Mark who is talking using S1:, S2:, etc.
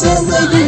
S1: звездой